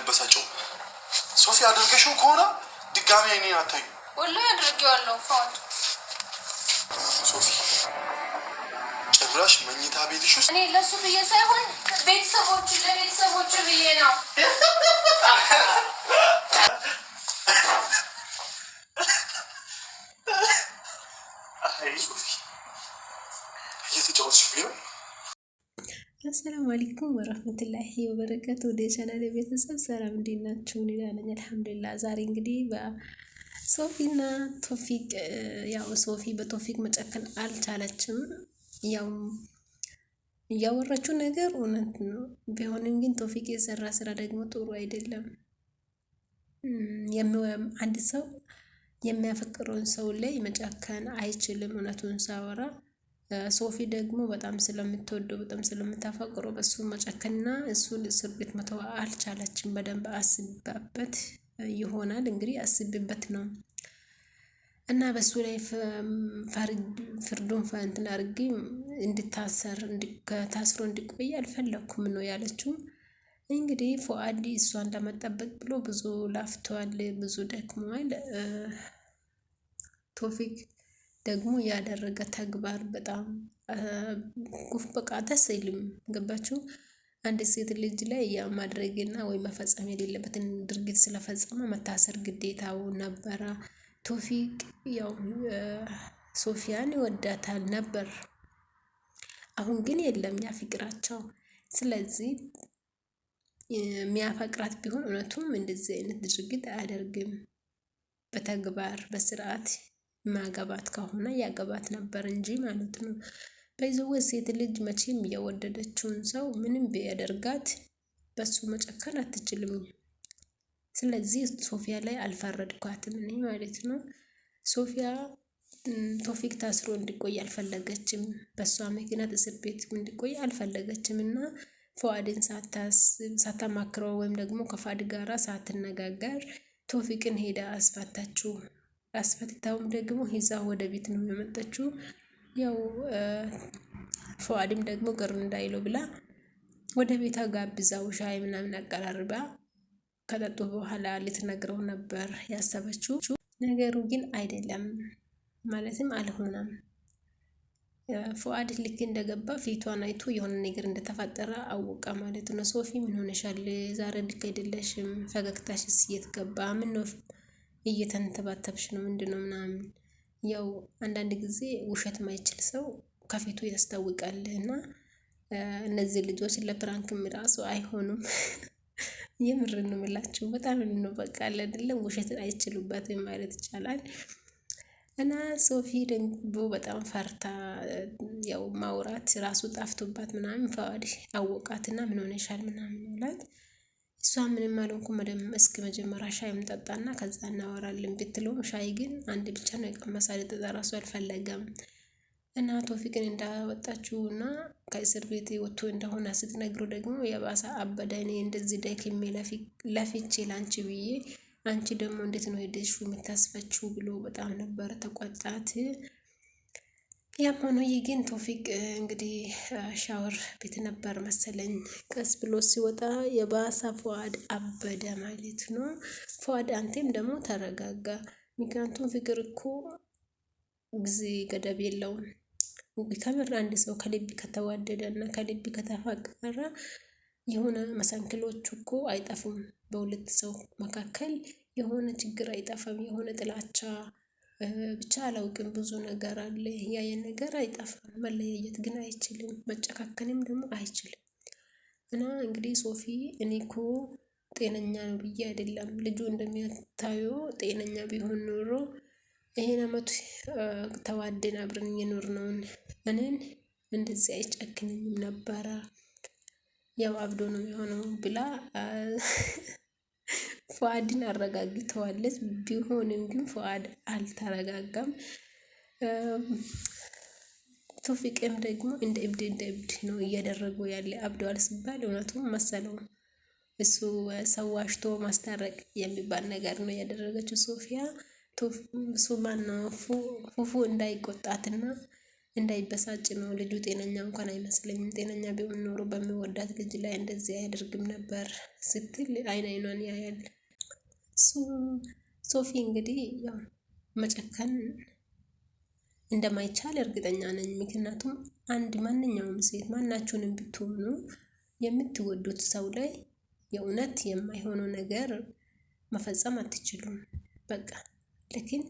አልበሳጨውም። ሶፊ አድርገሽው ከሆነ ድጋሚ አይኔን አታዩ። ወላሂ አድርጌዋለሁ። ፋውድ ሶፊ ጭራሽ መኝታ ቤትሽ ውስጥ እኔ ለሱ ብዬ ሳይሆን ቤተሰቦቹ ለቤተሰቦቹ ብዬ ነው አሰላሙ አለይኩም ወረህመቱላሂ ወበረከቱ። ወደ ቻናል ቤተሰብ ሰላም እንዴት ናችሁ? እኔ ደህና ነኝ አልሐምዱሊላህ። ዛሬ እንግዲህ በሶፊና ቶፊቅ ያው ሶፊ በቶፊቅ መጨከን አልቻለችም። ያው እያወራችው ነገር እውነት ነው። ቢሆንም ግን ቶፊቅ የሰራ ስራ ደግሞ ጥሩ አይደለም። አንድ ሰው የሚያፈቅረውን ሰው ላይ መጨከን አይችልም። እውነቱን ሳወራ ሶፊ ደግሞ በጣም ስለምትወደው በጣም ስለምታፈቅረው በሱ መጨከና እሱን እስር ቤት መተው አልቻለችም። በደንብ አስባበት ይሆናል እንግዲህ አስብበት ነው እና በሱ ላይ ፍርዱን እንትን አድርጊ እንድታሰር ታስሮ እንዲቆይ አልፈለግኩም ነው ያለችው። እንግዲህ ፎአዲ እሷን ለመጠበቅ ብሎ ብዙ ላፍቷል፣ ብዙ ደክሟል። ቶፊክ ደግሞ ያደረገ ተግባር በጣም በቃ ደስ ይልም። ገባችሁ? አንድ ሴት ልጅ ላይ ያ ማድረግና ወይ መፈጸም የሌለበትን ድርጊት ስለፈጸመ መታሰር ግዴታው ነበረ። ቶፊቅ ያው ሶፊያን ይወዳታል ነበር፣ አሁን ግን የለም ያ ፍቅራቸው። ስለዚህ የሚያፈቅራት ቢሆን እውነቱም እንደዚህ አይነት ድርጊት አያደርግም። በተግባር በስርዓት ማገባት ከሆነ ያገባት ነበር እንጂ ማለት ነው። በይዘው ሴት ልጅ መቼም የወደደችውን ሰው ምንም ቢያደርጋት በሱ መጨከን አትችልም። ስለዚህ ሶፊያ ላይ አልፈረድኳትም እኔ ማለት ነው። ሶፊያ ቶፊክ ታስሮ እንዲቆይ አልፈለገችም። በእሷ ምክንያት እስር ቤት እንዲቆይ አልፈለገችም እና ፎአድን ሳታማክረው ወይም ደግሞ ከፋድ ጋራ ሳትነጋገር ቶፊቅን ሄዳ አስፋታችሁ። አስፈትታውም ደግሞ ሂዛ ወደ ቤት ነው የመጣችው። ያው ፉአድም ደግሞ ቅር እንዳይለው ብላ ወደ ቤቷ ጋብዛው ሻይ ምናምን አቀራርባ ከጠጡ በኋላ ልትነግረው ነበር ያሰበችው። ነገሩ ግን አይደለም ማለትም አልሆነም። ፉአድ ልክ እንደገባ ፊቷን አይቶ የሆነ ነገር እንደተፈጠረ አወቀ ማለት ነው። ሶፊ ምን ሆነሻል? ዛሬ ልክ አይደለሽም። ፈገግታሽስ የት ምን ነው እየተንተባተብሽ ነው ምንድን ነው ምናምን። ያው አንዳንድ ጊዜ ውሸት ማይችል ሰው ከፊቱ ያስታውቃል። እና እነዚህ ልጆች ለፕራንክም ራሱ አይሆኑም። የምር እንምላችሁ በጣም እንበቃለ አይደለም፣ ውሸት አይችሉበትም ማለት ይቻላል። እና ሶፊ ደግሞ በጣም ፈርታ ያው ማውራት ራሱ ጣፍቶባት ምናምን ፈዋድ አወቃትና ምን ሆነሻል ምናምን አላት። እሷ ምንም አልሆንኩም መደም እስኪ መጀመሪያ ሻይ ምጠጣና ከዛ እናወራለን ብትለውም ሻይ ግን አንድ ብቻ ነው የቀመሳ ልጠጣ ራሱ አልፈለገም እና ቶፊቅን እንዳወጣችው እና ከእስር ቤት ወጥቶ እንደሆነ ስትነግሮ ደግሞ የባሰ አበደ። እኔ እንደዚህ ደክሜ ለፍቼ ለአንቺ ብዬ አንቺ ደግሞ እንዴት ነው ሄደሽ የምታስፈችው ብሎ በጣም ነበር ተቆጣት። ያም ሆኖ ይህ ግን ቶፊቅ እንግዲህ ሻወር ቤት ነበር መሰለኝ። ቀስ ብሎ ሲወጣ የባሳ ፈዋድ አበደ ማለት ነው። ፈዋድ አንቴም ደግሞ ተረጋጋ። ምክንያቱም ፍቅር እኮ ጊዜ ገደብ የለውም። ከምር አንድ ሰው ከልብ ከተዋደደ እና ከልብ ከተፋቀረ የሆነ መሰንክሎች እኮ አይጠፉም። በሁለት ሰው መካከል የሆነ ችግር አይጠፋም። የሆነ ጥላቻ ብቻ አላውቅም ብዙ ነገር አለ ያየን ነገር አይጠፋም መለያየት ግን አይችልም መጨካከንም ደግሞ አይችልም። እና እንግዲህ ሶፊ እኔ እኮ ጤነኛ ነው ብዬ አይደለም ልጁ እንደሚታየው ጤነኛ ቢሆን ኖሮ ይሄን አመቱ ተዋደን አብረን ነውን። እኔን እንደዚህ አይጨክነኝም ነበረ። ያው አብዶ ነው የሆነው ብላ ፉአድን አረጋግተዋለች። ቢሆንም ግን ፉአድ አልተረጋጋም። ቶፊቅም ደግሞ እንደ እብድ እንደ እብድ ነው እያደረጉ ያለ አብደዋል ሲባል እውነቱም መሰለው። እሱ ሰዋሽቶ ማስታረቅ የሚባል ነገር ነው ያደረገችው ሶፊያ ሱማን ነው ፉፉ እንዳይቆጣትና እንዳይበሳጭ ነው። ልጁ ጤነኛ እንኳን አይመስለኝም። ጤነኛ ቢሆን ኖሮ በሚወዳት ልጅ ላይ እንደዚህ አያደርግም ነበር ስትል አይን አይኗን ያያል። ሶፊ እንግዲህ ያው መጨከን እንደማይቻል እርግጠኛ ነኝ። ምክንያቱም አንድ ማንኛውም ሴት ማናችሁንም ብትሆኑ የምትወዱት ሰው ላይ የእውነት የማይሆኑ ነገር መፈጸም አትችሉም። በቃ ልክን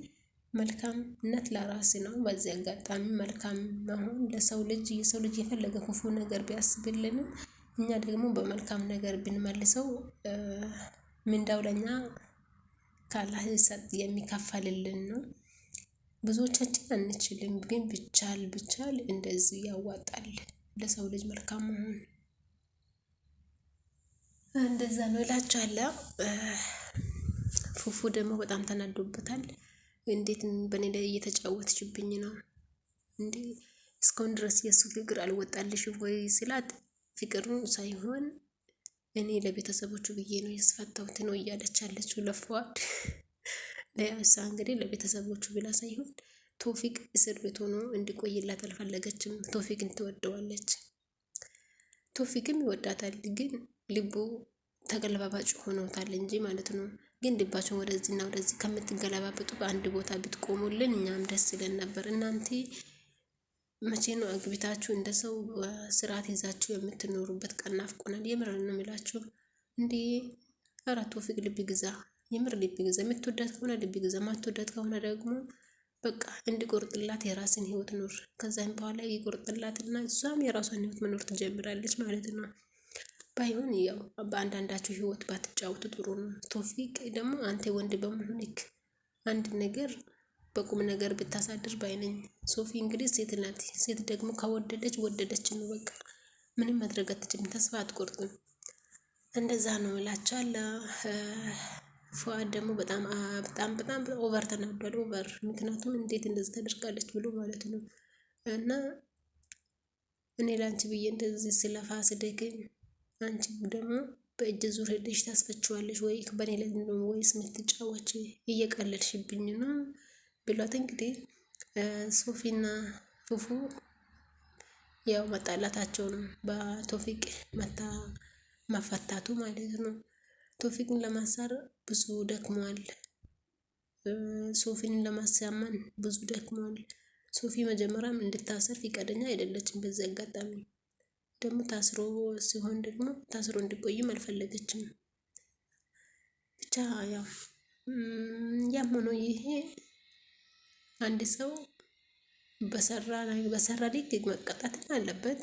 መልካምነት ለራስ ነው። በዚህ አጋጣሚ መልካም መሆን ለሰው ልጅ የሰው ልጅ የፈለገ ክፉ ነገር ቢያስብልንም እኛ ደግሞ በመልካም ነገር ብንመልሰው ምንዳው ለእኛ ከአላህ ሰጥ የሚከፈልልን ነው። ብዙዎቻችን አንችልም ግን ብቻል ብቻል እንደዚህ ያዋጣል ለሰው ልጅ መልካም መሆን እንደዛ ነው እላችኋለሁ። ፉፉ ደግሞ በጣም ተናዶበታል። እንዴት በእኔ ላይ እየተጫወተችብኝ ነው እንዴ? እስካሁን ድረስ የእሱ ፍቅር አልወጣልሽ ወይ ስላት ፍቅሩ ሳይሆን እኔ ለቤተሰቦቹ ብዬ ነው ያስፈታሁት ነው እያለች ያለችው ለያሳ እንግዲህ ለቤተሰቦቹ ብላ ሳይሆን ቶፊቅ እስር ቤት ሆኖ እንዲቆይላት አልፈለገችም። ቶፊቅን ትወደዋለች፣ ቶፊቅም ይወዳታል። ግን ልቡ ተገለባባጭ ሆኖታል እንጂ ማለት ነው። ግን ልባችሁን ወደዚህና ወደዚህ ከምትገለባበጡ በአንድ ቦታ ብትቆሙልን እኛም ደስ ይለን ነበር። እናንተ መቼ ነው አግብታችሁ እንደ ሰው ስርዓት ይዛችሁ የምትኖሩበት? ቀን ናፍቆናል። የምር ነው የሚላችሁ እንዴ አራቱ ፊቅ ልብ ግዛ፣ የምር ልብ ግዛ። የምትወዳት ከሆነ ልብ ግዛ፣ ማትወዳት ከሆነ ደግሞ በቃ እንዲቆርጥላት የራስን ህይወት ኖር። ከዛም በኋላ ይቆርጥላትና እሷም የራሷን ህይወት መኖር ትጀምራለች ማለት ነው። ባይሆን ያው በአንዳንዳችሁ ህይወት ባትጫወቱ ጥሩ ነው። ቶፊቅ ደግሞ አንተ ወንድ በመሆንክ አንድ ነገር በቁም ነገር ብታሳድር ባይነኝ። ሶፊ እንግዲህ ሴት ናት። ሴት ደግሞ ከወደደች ወደደች ነው በቃ። ምንም ማድረግ አትችልም። ተስፋ አትቆርጥም። እንደዛ ነው እላችኋለሁ። ፉአድ ደግሞ በጣም በጣም በጣም ኦቨር ተናዷል። ኦቨር ምክንያቱም እንዴት እንደዚህ ተደርጋለች ብሎ ማለት ነው እና እኔ ላንቺ ብዬ እንደዚህ ስለፋ አንቺ ደግሞ በእጅ ዙር ሄደሽ ታስፈችዋለሽ ወይ በኔ ላይ ነው ወይስ ምትጫወች እየቀለድሽብኝ ነው ብሏት እንግዲህ ሶፊና ፉፉ ያው መጣላታቸውን በቶፊቅ መታ መፈታቱ ማለት ነው። ቶፊቅን ለማሳር ብዙ ደክመዋል። ሶፊን ለማሳመን ብዙ ደክመዋል። ሶፊ መጀመሪያም እንድታሰር ፈቃደኛ አይደለችም። በዚህ አጋጣሚ ደግሞ ታስሮ ሲሆን ደግሞ ታስሮ እንዲቆይም አልፈለገችም። ብቻ ያው ያም ሆኖ ይሄ አንድ ሰው በሰራ በሰራ ልክ መቀጣትም አለበት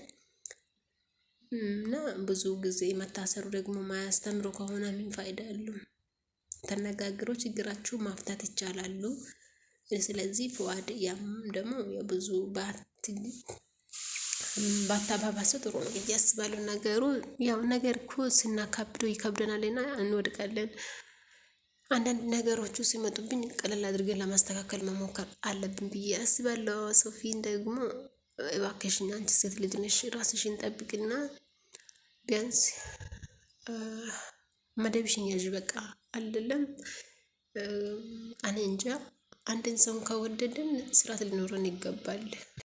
እና ብዙ ጊዜ መታሰሩ ደግሞ ማያስተምሩ ከሆነ ምን ፋይዳ አለው? ተነጋግሮ ችግራችሁ ማፍታት ይቻላሉ። ስለዚህ ፍዋድ ያም ደግሞ የብዙ ባት ባታባባሰው ጥሩ ነው ብዬ አስባለሁ። ነገሩ ያው ነገር እኮ ስናካብደው ይከብደናል እና እንወድቃለን። አንዳንድ ነገሮቹ ሲመጡብኝ ቀለል አድርገን ለማስተካከል መሞከር አለብን ብዬ አስባለሁ። ሶፊን ደግሞ እባክሽን አንቺ ሴት ልጅ ነሽ፣ ራስሽን ጠብቅና ቢያንስ መደብሽን ያዥ። በቃ አይደለም እኔ እንጃ አንድን ሰውን ከወደድን ስርዓት ሊኖረን ይገባል።